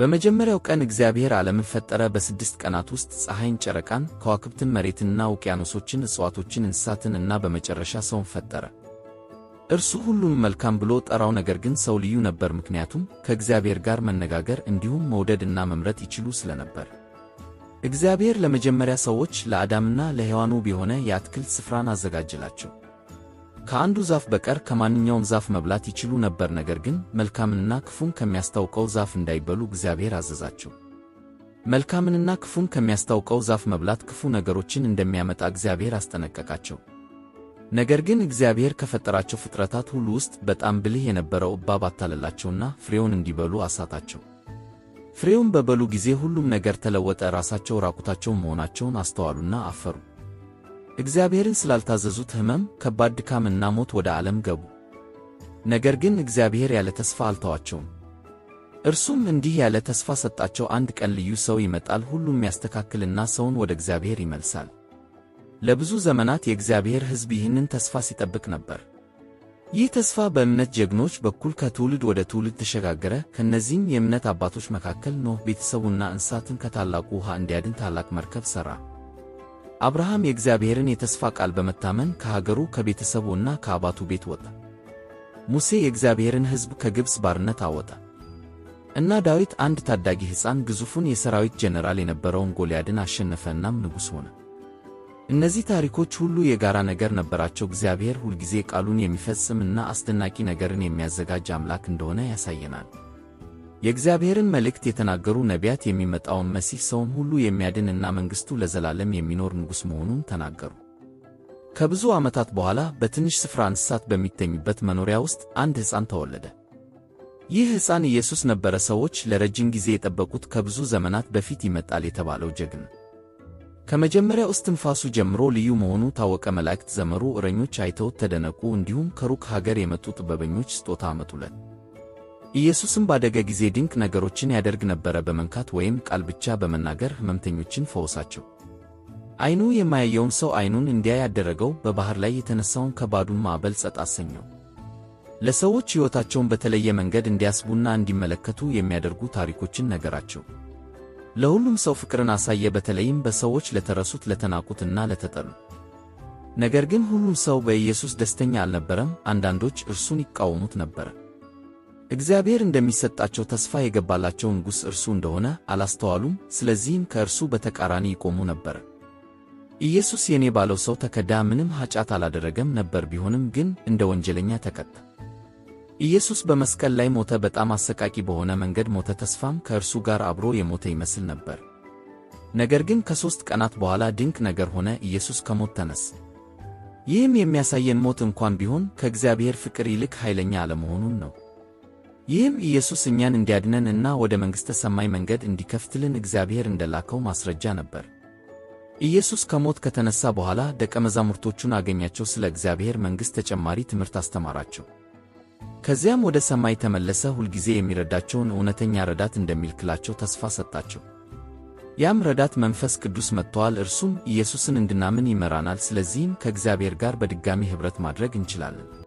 በመጀመሪያው ቀን እግዚአብሔር ዓለምን ፈጠረ። በስድስት ቀናት ውስጥ ፀሐይን፣ ጨረቃን፣ ከዋክብትን፣ መሬትንና ውቅያኖሶችን፣ እጽዋቶችን፣ እንስሳትን እና በመጨረሻ ሰውን ፈጠረ። እርሱ ሁሉንም መልካም ብሎ ጠራው። ነገር ግን ሰው ልዩ ነበር፣ ምክንያቱም ከእግዚአብሔር ጋር መነጋገር እንዲሁም መውደድና መምረጥ ይችሉ ስለነበር። እግዚአብሔር ለመጀመሪያ ሰዎች ለአዳምና ለሔዋን ውብ የሆነ የአትክልት ስፍራን አዘጋጀላቸው። ከአንዱ ዛፍ በቀር ከማንኛውም ዛፍ መብላት ይችሉ ነበር፣ ነገር ግን መልካምንና ክፉን ከሚያስታውቀው ዛፍ እንዳይበሉ እግዚአብሔር አዘዛቸው። መልካምንና ክፉን ከሚያስታውቀው ዛፍ መብላት ክፉ ነገሮችን እንደሚያመጣ እግዚአብሔር አስጠነቀቃቸው። ነገር ግን እግዚአብሔር ከፈጠራቸው ፍጥረታት ሁሉ ውስጥ በጣም ብልህ የነበረው እባብ አታለላቸውና ፍሬውን እንዲበሉ አሳታቸው። ፍሬውን በበሉ ጊዜ ሁሉም ነገር ተለወጠ። ራሳቸው ራቁታቸው መሆናቸውን አስተዋሉና አፈሩ። እግዚአብሔርን ስላልታዘዙት ሕመም፣ ከባድ ድካምና ሞት ወደ ዓለም ገቡ። ነገር ግን እግዚአብሔር ያለ ተስፋ አልተዋቸውም። እርሱም እንዲህ ያለ ተስፋ ሰጣቸው፣ አንድ ቀን ልዩ ሰው ይመጣል፣ ሁሉም ያስተካክልና ሰውን ወደ እግዚአብሔር ይመልሳል። ለብዙ ዘመናት የእግዚአብሔር ሕዝብ ይህንን ተስፋ ሲጠብቅ ነበር። ይህ ተስፋ በእምነት ጀግኖች በኩል ከትውልድ ወደ ትውልድ ተሸጋገረ። ከእነዚህም የእምነት አባቶች መካከል ኖኅ ቤተሰቡና እንስሳትን ከታላቁ ውሃ እንዲያድን ታላቅ መርከብ ሠራ። አብርሃም የእግዚአብሔርን የተስፋ ቃል በመታመን ከሀገሩ ከቤተሰቡ እና ከአባቱ ቤት ወጣ። ሙሴ የእግዚአብሔርን ሕዝብ ከግብፅ ባርነት አወጣ እና ዳዊት አንድ ታዳጊ ሕፃን ግዙፉን የሰራዊት ጀነራል የነበረውን ጎልያድን አሸነፈ እናም ንጉሥ ሆነ። እነዚህ ታሪኮች ሁሉ የጋራ ነገር ነበራቸው። እግዚአብሔር ሁልጊዜ ቃሉን የሚፈጽም እና አስደናቂ ነገርን የሚያዘጋጅ አምላክ እንደሆነ ያሳየናል። የእግዚአብሔርን መልእክት የተናገሩ ነቢያት የሚመጣውን መሲህ ሰውን ሁሉ የሚያድን እና መንግሥቱ ለዘላለም የሚኖር ንጉሥ መሆኑን ተናገሩ። ከብዙ ዓመታት በኋላ በትንሽ ስፍራ እንስሳት በሚተኙበት መኖሪያ ውስጥ አንድ ሕፃን ተወለደ። ይህ ሕፃን ኢየሱስ ነበረ። ሰዎች ለረጅም ጊዜ የጠበቁት ከብዙ ዘመናት በፊት ይመጣል የተባለው ጀግና ከመጀመሪያው እስትንፋሱ ጀምሮ ልዩ መሆኑ ታወቀ። መላእክት ዘመሩ፣ እረኞች አይተውት ተደነቁ። እንዲሁም ከሩቅ ሀገር የመጡ ጥበበኞች ስጦታ አመጡለት። ኢየሱስም ባደገ ጊዜ ድንቅ ነገሮችን ያደርግ ነበረ፣ በመንካት ወይም ቃል ብቻ በመናገር ሕመምተኞችን ፈወሳቸው። አይኑ የማያየውን ሰው አይኑን እንዲያይ ያደረገው በባሕር ላይ የተነሳውን ከባዱን ማዕበል ጸጥ አሰኘው። ለሰዎች ሕይወታቸውን በተለየ መንገድ እንዲያስቡና እንዲመለከቱ የሚያደርጉ ታሪኮችን ነገራቸው። ለሁሉም ሰው ፍቅርን አሳየ፣ በተለይም በሰዎች ለተረሱት፣ ለተናቁትና ለተጠሉ። ነገር ግን ሁሉም ሰው በኢየሱስ ደስተኛ አልነበረም። አንዳንዶች እርሱን ይቃወሙት ነበረ። እግዚአብሔር እንደሚሰጣቸው ተስፋ የገባላቸው ንጉሥ እርሱ እንደሆነ አላስተዋሉም። ስለዚህም ከእርሱ በተቃራኒ ይቆሙ ነበር። ኢየሱስ የኔ ባለው ሰው ተከዳ፣ ምንም ኃጢአት አላደረገም ነበር። ቢሆንም ግን እንደ ወንጀለኛ ተቀጠ። ኢየሱስ በመስቀል ላይ ሞተ፣ በጣም አሰቃቂ በሆነ መንገድ ሞተ። ተስፋም ከእርሱ ጋር አብሮ የሞተ ይመስል ነበር። ነገር ግን ከሦስት ቀናት በኋላ ድንቅ ነገር ሆነ። ኢየሱስ ከሞት ተነሳ። ይህም የሚያሳየን ሞት እንኳን ቢሆን ከእግዚአብሔር ፍቅር ይልቅ ኃይለኛ አለመሆኑን ነው። ይህም ኢየሱስ እኛን እንዲያድነን እና ወደ መንግሥተ ሰማይ መንገድ እንዲከፍትልን እግዚአብሔር እንደላከው ማስረጃ ነበር። ኢየሱስ ከሞት ከተነሳ በኋላ ደቀ መዛሙርቶቹን አገኛቸው፣ ስለ እግዚአብሔር መንግሥት ተጨማሪ ትምህርት አስተማራቸው። ከዚያም ወደ ሰማይ ተመለሰ፣ ሁልጊዜ የሚረዳቸውን እውነተኛ ረዳት እንደሚልክላቸው ተስፋ ሰጣቸው። ያም ረዳት መንፈስ ቅዱስ መጥተዋል፣ እርሱም ኢየሱስን እንድናምን ይመራናል። ስለዚህም ከእግዚአብሔር ጋር በድጋሚ ኅብረት ማድረግ እንችላለን።